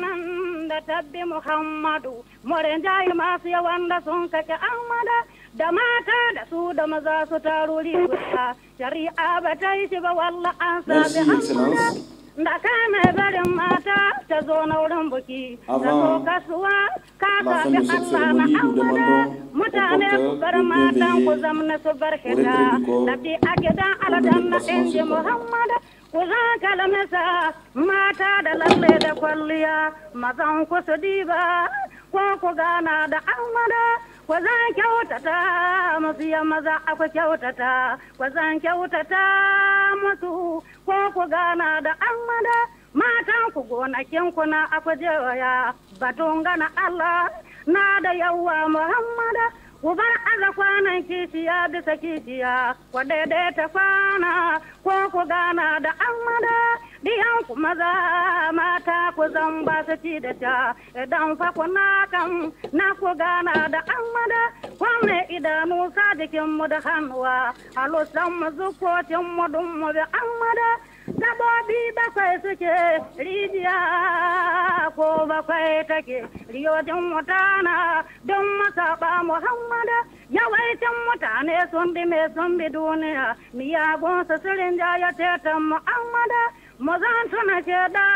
nan da tabbi muhammadu moren jayi masu yawan da sun kake amada da mata da su da maza su taro guda shari'a ba ta yi shi ba walla an sami hamada da ka mai barin mata ta zo na wurin buki ta zo kasuwa ka tafi allah na amada mutane ku bar matan ku zamna su bar da tafi a gidan aladan na inji muhammadu ku za kalmisa mata da lalle da kwalliya mazan ku su diba ko ku gana da amada ku zan kyautata musu ya maza kyautata ku zan kyautata musu ko ku gana da amada matan ku gonakin ku na aku jewaya batun gana Allah na da yawa muhammada gubar aza kwanan kishiya bisa kishiya kwa daidaita kwana ko ku gana da amada diyan ku maza mata ku zan ba su ci da sha idan fa ku na kan na ku gana da amada kwanne idanu sa jikin mu da hannuwa halusan mu zukocin mu dun mu bi amada sabobi bakwai suke rijiya bakwai take riyojin mutana don masaba muhammada yawancin mutane sun bi mai sun bi duniya miyagun su sirin jaya teta muhammada mazan suna da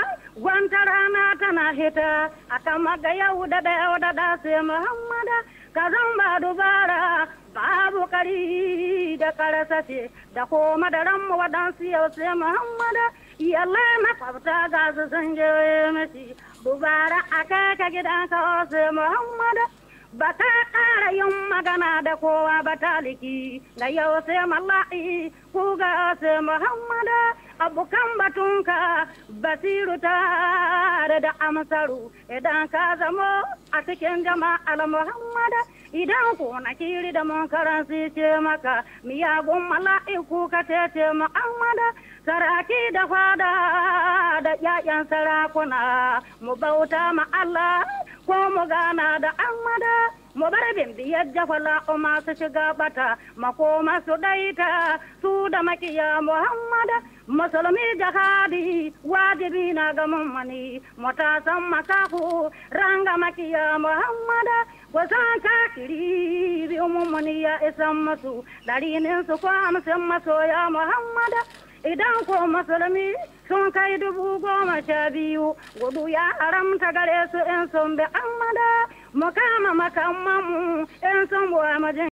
wanta rana tana hita a kan maga yau da da yau da da sai muhammada ka zan ba dubara babu kari da karasashe da ko da ranmu wadansu yau sai muhammada yalla ma qabta gaza zanjewe mati dubara akaka gidanka ose muhammad ba ta ƙara yin magana da kowa ba na da yau sai malla'i ku ga sai muhammada abokan batunka basiru tare da amsaru idan ka zamo a cikin jama'al muhammada idan ku na kiri da munkaran su ce maka miyagun mala'iku ka ce muhammada saraki da fada da 'ya'yan sarakuna mu bauta ma Allah ko mo gana da amada mo bara ben biya jafala o ma su shiga bata makoma su makiya muhammada musulmi jahadi wajibi na ga mummani matasan masaku ranga makiya muhammada wasan kakiri bi mummani ya isan masu su ko amsin masoya muhammada idan ko musulmi sun kai dubu goma sha biyu gudu ya haramta gare su in sun bi amma da mu kama makamman in sun buwa majin